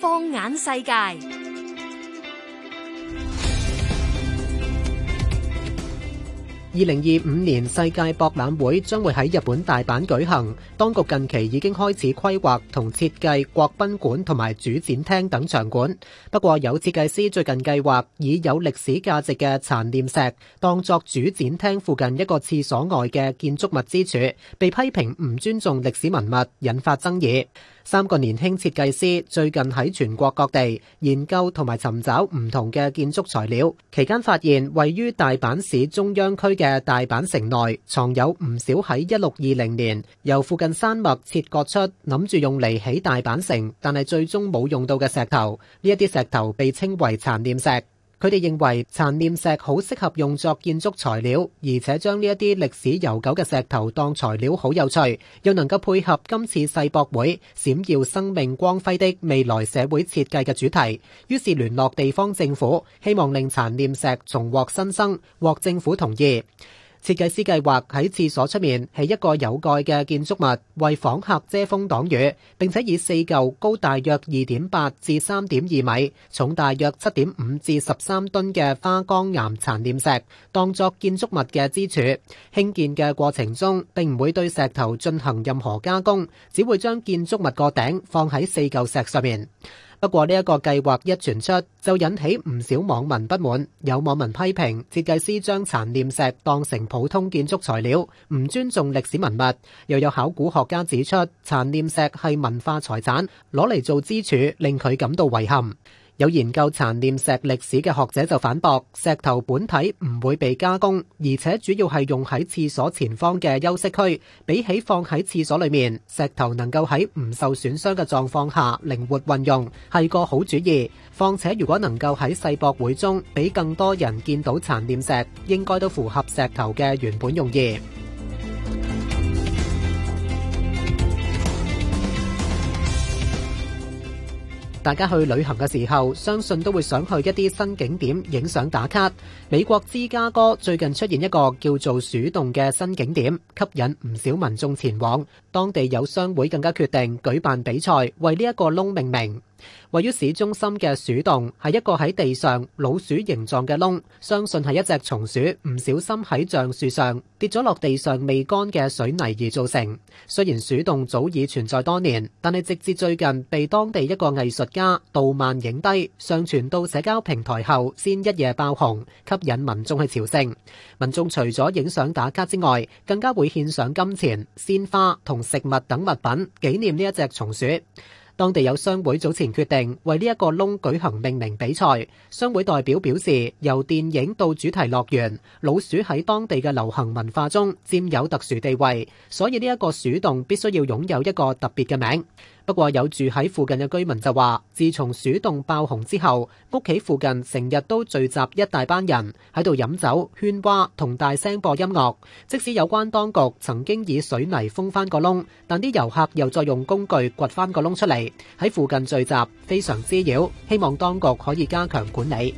放眼世界。二零二五年世界博覽會將會喺日本大阪舉行，當局近期已經開始規劃同設計國賓館同埋主展廳等場館。不過有設計師最近計劃以有歷史價值嘅殘念石當作主展廳附近一個廁所外嘅建築物支柱，被批評唔尊重歷史文物，引發爭議。三個年輕設計師最近喺全國各地研究尋同埋尋找唔同嘅建築材料，期間發現位於大阪市中央區嘅大阪城內藏有唔少喺一六二零年由附近山脈切割出，諗住用嚟起大阪城，但係最終冇用到嘅石頭。呢一啲石頭被稱為殘念石。佢哋認為殘念石好適合用作建築材料，而且將呢一啲歷史悠久嘅石頭當材料好有趣，又能夠配合今次世博會閃耀生命光輝的未來社會設計嘅主題。於是聯絡地方政府，希望令殘念石重獲新生，獲政府同意。設計師計劃喺廁所出面起一個有蓋嘅建築物，為訪客遮風擋雨。並且以四嚿高大約二點八至三點二米、重大約七點五至十三噸嘅花崗岩殘念石當作建築物嘅支柱。興建嘅過程中並唔會對石頭進行任何加工，只會將建築物個頂放喺四嚿石上面。不過呢一個計劃一傳出，就引起唔少網民不滿。有網民批評設計師將殘念石當成普通建築材料，唔尊重歷史文物。又有考古學家指出，殘念石係文化財產，攞嚟做支柱，令佢感到遺憾。有研究殘念石歷史嘅學者就反駁，石頭本體唔會被加工，而且主要係用喺廁所前方嘅休息區。比起放喺廁所裏面，石頭能夠喺唔受損傷嘅狀況下靈活運用，係個好主意。況且如果能夠喺世博會中俾更多人見到殘念石，應該都符合石頭嘅原本用意。大家去旅行嘅時候，相信都會想去一啲新景點影相打卡。美國芝加哥最近出現一個叫做鼠洞嘅新景點，吸引唔少民眾前往。當地有商會更加決定舉辦比賽，為呢一個窿命名。位於市中心嘅鼠洞係一個喺地上老鼠形狀嘅窿，相信係一隻松鼠唔小心喺橡樹上跌咗落地上未乾嘅水泥而造成。雖然鼠洞早已存在多年，但係直至最近被當地一個藝術家杜曼影低，上傳到社交平台後，先一夜爆紅，吸引民眾去朝聖。民眾除咗影相打卡之外，更加會獻上金錢、鮮花同食物等物品，紀念呢一隻松鼠。當地有商會早前決定為呢一個窿舉行命名比賽。商會代表表示，由電影到主題樂園，老鼠喺當地嘅流行文化中佔有特殊地位，所以呢一個鼠洞必須要擁有一個特別嘅名。不過有住喺附近嘅居民就話，自從鼠洞爆紅之後，屋企附近成日都聚集一大班人喺度飲酒、喧譁同大聲播音樂。即使有關當局曾經以水泥封返個窿，但啲遊客又再用工具掘返個窿出嚟喺附近聚集，非常滋擾。希望當局可以加強管理。